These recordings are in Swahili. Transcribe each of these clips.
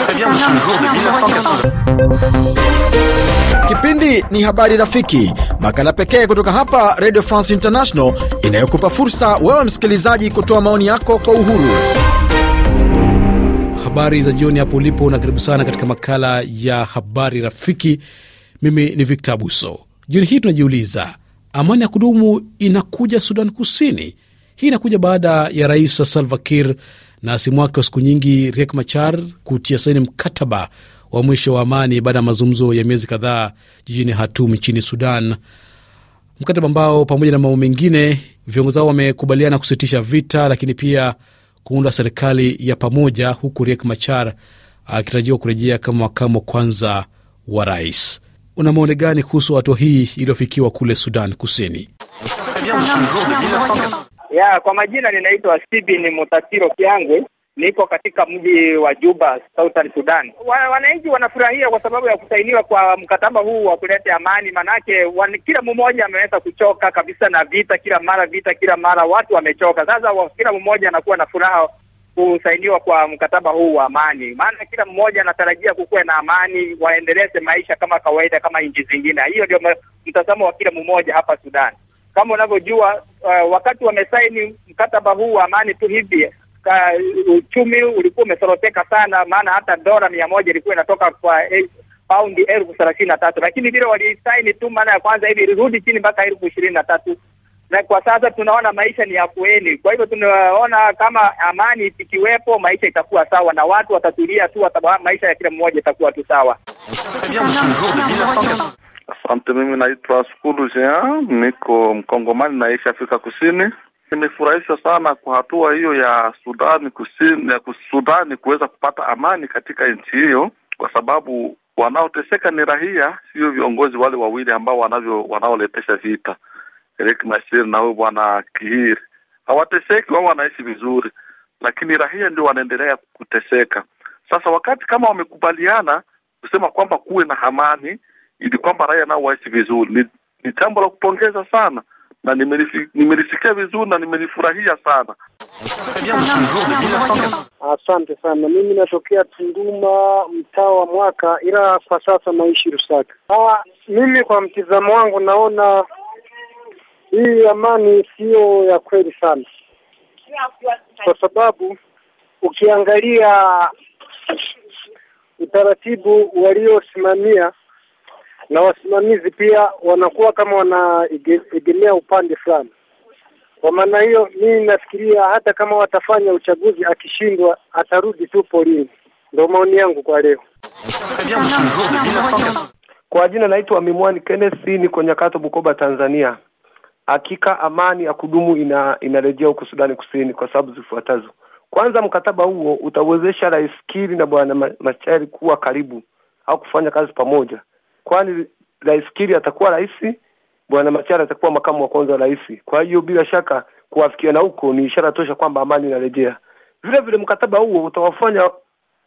Très bien, Kipindi ni Habari Rafiki, makala pekee kutoka hapa Radio France International inayokupa fursa wewe msikilizaji kutoa maoni yako kwa uhuru. Habari za jioni hapo ulipo, na karibu sana katika makala ya Habari Rafiki. Mimi ni Victor Abuso. Jioni hii tunajiuliza, amani ya kudumu inakuja Sudan Kusini? Hii inakuja baada ya Rais Salva Kiir na simu wake wa siku nyingi Riek Machar kutia saini mkataba wa mwisho wa amani baada ya mazungumzo ya miezi kadhaa jijini Hatum nchini Sudan, mkataba ambao pamoja na mambo mengine viongozi hao wamekubaliana kusitisha vita, lakini pia kuunda serikali ya pamoja, huku Riek Machar akitarajiwa kurejea kama makamu wa kwanza wa rais. Una maoni gani kuhusu hatua hii iliyofikiwa kule Sudan Kusini? Ya, kwa majina ninaitwa ni Mutasiro Kiangwe, niko katika mji wa Juba, Southern Sudan. Wa, wananchi wanafurahia kwa sababu ya kusainiwa kwa mkataba huu wa kuleta amani, manake wan, kila mmoja ameweza kuchoka kabisa na vita, kila mara vita, kila mara watu wamechoka. Sasa wa, kila mmoja anakuwa na furaha kusainiwa kwa mkataba huu wa amani, maana kila mmoja anatarajia kukuwe na amani, waendeleze maisha kama kawaida, kama nchi zingine. Hiyo ndio mtazamo wa kila mmoja hapa Sudan. Kama unavyojua uh, wakati wamesaini mkataba huu wa amani tu hivi uchumi ulikuwa umesoroteka sana, maana hata dola mia moja ilikuwa inatoka kwa eh, paundi elfu thelathini na tatu lakini vile walisaini tu mara ya kwanza hivi ilirudi chini mpaka elfu ishirini na tatu na kwa sasa tunaona maisha ni afueni. Kwa hivyo tunaona kama amani ikiwepo, maisha itakuwa sawa na watu watatulia tu, maisha ya kila mmoja itakuwa tu sawa. Asante. Mimi naitwa Skulu Jean, niko Mkongomani, naishi Afrika Kusini. Nimefurahishwa sana kwa hatua hiyo ya Sudani Kusini, ya Sudani kuweza kupata amani katika nchi hiyo, kwa sababu wanaoteseka ni raia, sio viongozi wale wawili ambao wanavyo wanaoletesha vita, Riek Machar na huyo bwana Kiir. Hawateseki, wao wanaishi vizuri, lakini raia ndio wanaendelea kuteseka. Sasa wakati kama wamekubaliana kusema kwamba kuwe na amani ili kwamba raia nao waishi vizuri. Ni, ni jambo la kupongeza sana na nimelisikia vizuri na nimelifurahia sana. Asante sana. Mimi natokea Tunduma, mtaa wa Mwaka, ila kwa sasa naishi Rusaka. Aa, mimi kwa mtizamo wangu naona hii amani siyo ya kweli sana, kwa sababu ukiangalia utaratibu waliosimamia na wasimamizi pia wanakuwa kama wanaegemea upande fulani. Kwa maana hiyo, mimi nafikiria hata kama watafanya uchaguzi, akishindwa atarudi tu polini. Ndio maoni yangu kwa leo. Kwa jina naitwa Mimwani ni niko Nyakato, Bukoba, Tanzania. Hakika amani ya kudumu ina, inarejea huku Sudani Kusini kwa sababu zifuatazo. Kwanza, mkataba huo utawezesha Rais Kiir na Bwana Machari kuwa karibu au kufanya kazi pamoja kwani Rais Kiri atakuwa rais, Bwana Machara atakuwa makamu wa kwanza wa rais. Kwa hiyo bila shaka kuwafikiana huko ni ishara tosha kwamba amani inarejea. Vile vile mkataba huo utawafanya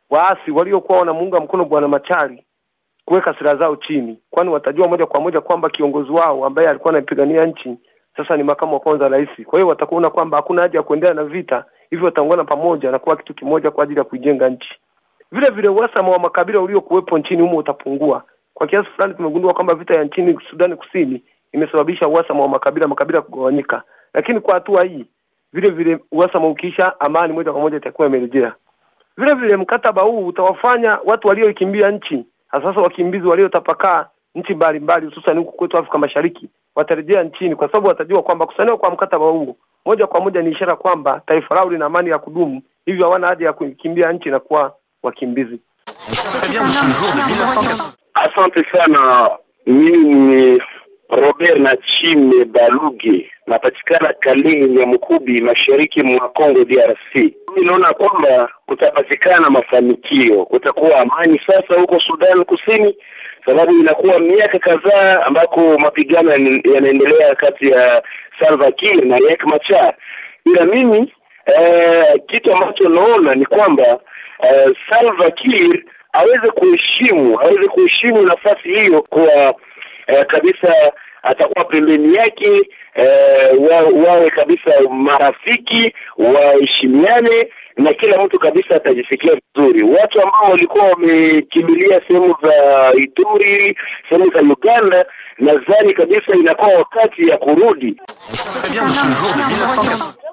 waasi waliokuwa wanamuunga mkono Bwana Machari kuweka silaha zao chini, kwani watajua moja kwa moja kwamba kiongozi wao ambaye alikuwa anapigania nchi sasa ni makamu wa kwanza rais. Kwa hiyo watakuona kwamba hakuna haja ya kuendelea na vita, hivyo wataungana pamoja na kuwa kitu kimoja kwa ajili ya kuijenga nchi. Vile vile uhasama wa makabila uliokuwepo nchini humo utapungua, kwa kiasi fulani tumegundua kwamba vita ya nchini Sudani Kusini imesababisha uhasama wa makabila makabila kugawanyika, lakini kwa hatua hii vile vile uhasama ukiisha, amani moja kwa moja itakuwa imerejea. Vile vile mkataba huu utawafanya watu walioikimbia nchi, sasa wakimbizi waliotapakaa nchi mbalimbali, hususan huku kwetu Afrika Mashariki, watarejea nchini, kwa sababu watajua kwamba kusainiwa kwa mkataba huu moja kwa moja ni ishara kwamba taifa lao lina amani ya kudumu, hivyo hawana haja ya kukimbia nchi na kuwa wakimbizi. Asante sana. Mimi ni Robert Nachime Baluge, napatikana Kalini ya Mkubi, mashariki mwa Kongo DRC. Mimi naona kwamba kutapatikana mafanikio, kutakuwa amani sasa huko Sudan Kusini, sababu inakuwa miaka kadhaa ambako mapigano yanaendelea kati ya Salva Kiir na Riek Machar. Ila mimi eh, kitu ambacho naona ni kwamba eh, Salva Kiir aweze kuheshimu aweze kuheshimu nafasi hiyo kwa eh, kabisa atakuwa pembeni yake eh, wa, wawe kabisa marafiki waheshimiane na kila mtu kabisa atajisikia vizuri. Watu ambao walikuwa wamekimbilia sehemu za Ituri, sehemu za Uganda, nadhani kabisa inakuwa wakati ya kurudi.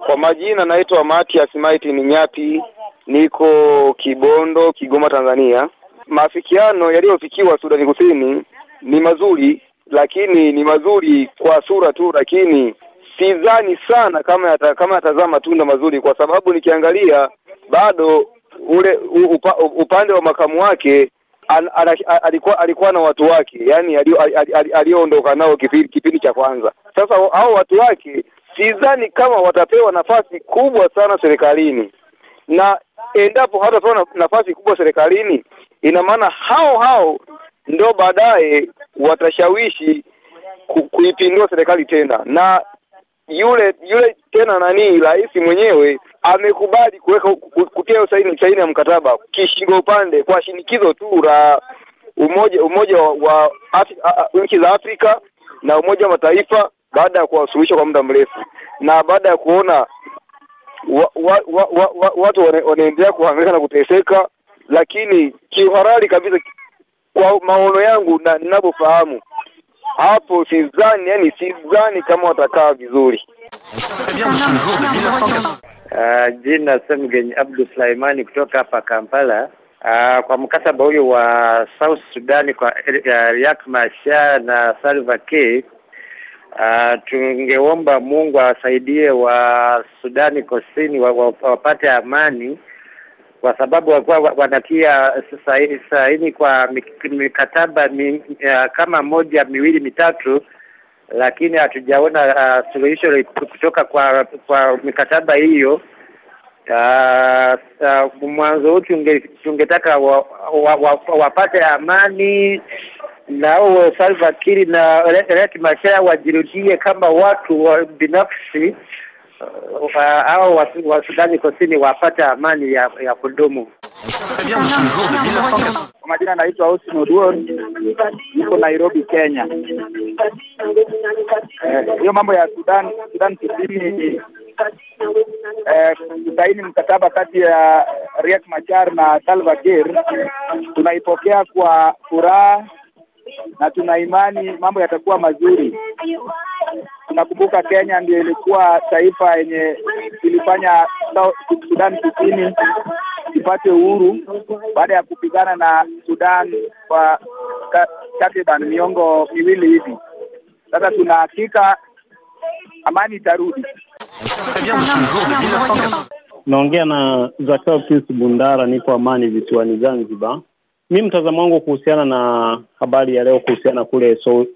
Kwa majina naitwa Matias Maiti Ninyati, niko Kibondo, Kigoma, Tanzania. Maafikiano yaliyofikiwa Sudani Kusini ni mazuri, lakini ni mazuri kwa sura tu, lakini sidhani sana kama yata, kama yatazaa matunda mazuri, kwa sababu nikiangalia bado ule upa, upande wa makamu wake an, an, alikuwa alikuwa na watu wake, yani aliyoondoka nao kipindi, kipindi cha kwanza. Sasa hao watu wake sidhani kama watapewa nafasi kubwa sana serikalini na endapo hatapewa nafasi kubwa serikalini, ina maana hao hao ndo baadaye watashawishi ku, kuipindua serikali tena, na yule yule tena nani, rais mwenyewe amekubali kuweka kutia saini saini ya mkataba kishingo upande kwa shinikizo tu la umoja umoja wa, nchi za Afrika na Umoja wa Mataifa baada ya kuwasuluhisha kwa muda mrefu na baada ya kuona wa, wa, wa, wa, wa, watu wanaendelea kuhangaika na kuteseka, lakini kiuharari kabisa, kwa maono yangu na ninavyofahamu hapo, sidhani yani, sidhani kama watakaa vizuri. Uh, jina Semgenyi Abdu Sulaimani kutoka hapa Kampala. Uh, kwa mkataba huyo wa South sudani kwa uh, Riek na Salva Kiir Uh, tungeomba Mungu awasaidie wa Sudani Kusini wapate wa, wa amani kwa sababu wakuwa wanatia saini kwa mikataba mi, uh, kama moja miwili mitatu, lakini hatujaona uh, suluhisho kutoka kwa kwa mikataba hiyo. Uh, uh, mwanzo huu tungetaka tunge wapate wa, wa, wa amani nao Salva Kiir na Riek Machar wajirudie kama watu wa binafsi uh, au wa Sudani Kusini wapate amani ya, ya kudumu. Kwa majina anaitwa Austin Oduor, niko Nairobi, Kenya. Eh, hiyo eh, mambo ya Sudan Sudan Kusini eh, kusaini eh, mkataba kati ya Riek Machar na Salva Kiir tunaipokea kwa furaha na tuna imani mambo yatakuwa mazuri. Tunakumbuka Kenya ndio ilikuwa taifa yenye ilifanya Sudan Kusini ipate uhuru baada ya kupigana na Sudan kwa takriban miongo miwili hivi. Sasa tuna hakika amani itarudi. Naongea na Zakao Pius Bundara, niko Amani visiwani Zanzibar. Mi mtazamo wangu kuhusiana na habari ya leo kuhusiana kule so,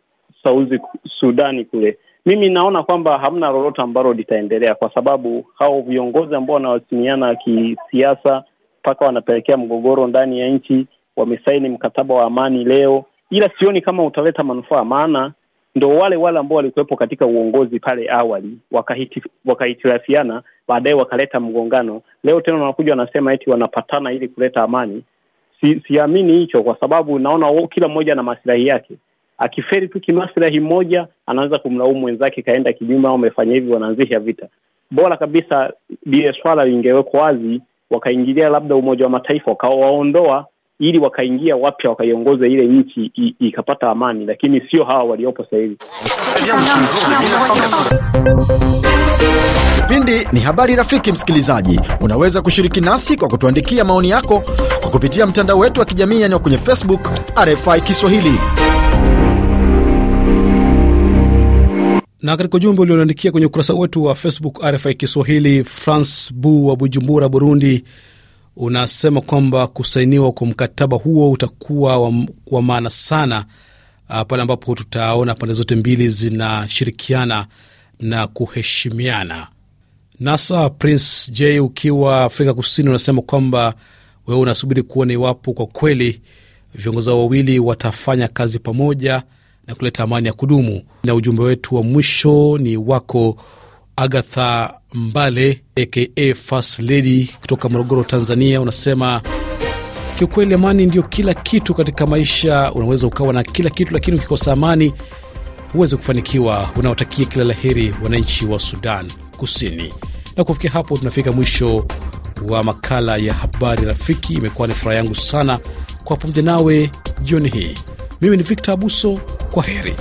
sauzi Sudani kule, mimi naona kwamba hamna lolote ambalo litaendelea kwa sababu hao viongozi ambao wanawasimiana kisiasa mpaka wanapelekea mgogoro ndani ya nchi wamesaini mkataba wa amani leo, ila sioni kama utaleta manufaa, maana ndo wale wale ambao walikuwepo katika uongozi pale awali wakahitirafiana wakahiti baadaye wakaleta mgongano. Leo tena wanakuja wanasema eti wanapatana ili kuleta amani si, siamini hicho, kwa sababu naona kila mmoja ana masilahi yake. Akiferi tu kimaslahi mmoja anaweza kumlaumu mwenzake, kaenda kijuma au amefanya hivi, wanaanzisha vita. Bora kabisa lile swala lingewekwa wazi, wakaingilia labda Umoja wa Mataifa wakawaondoa ili wakaingia wapya wakaiongoza ile nchi ikapata amani, lakini sio hawa waliopo sahivi Kipindi ni habari rafiki. Msikilizaji, unaweza kushiriki nasi kwa kutuandikia maoni yako kwa kupitia mtandao wetu wa kijamii yani kwenye Facebook RFI Kiswahili. na katika ujumbe ulioandikia kwenye ukurasa wetu wa Facebook RFI Kiswahili, franc Bu wa Bujumbura, Burundi, unasema kwamba kusainiwa kwa mkataba huo utakuwa wa, wa maana sana uh, pale ambapo tutaona pande zote mbili zinashirikiana na kuheshimiana. NASA Prince J ukiwa Afrika Kusini unasema kwamba wewe unasubiri kuona iwapo kwa kweli viongozi hao wawili watafanya kazi pamoja na kuleta amani ya kudumu. Na ujumbe wetu wa mwisho ni wako Agatha Mbale aka First Lady kutoka Morogoro, Tanzania. Unasema kiukweli, amani ndiyo kila kitu katika maisha. Unaweza ukawa na kila kitu, lakini ukikosa amani huwezi kufanikiwa. Unaotakia kila laheri wananchi wa Sudan. Kusini. Na kufikia hapo, tunafika mwisho wa makala ya habari rafiki. Imekuwa ni furaha yangu sana kwa pamoja nawe jioni hii. Mimi ni Victor Abuso, kwa heri.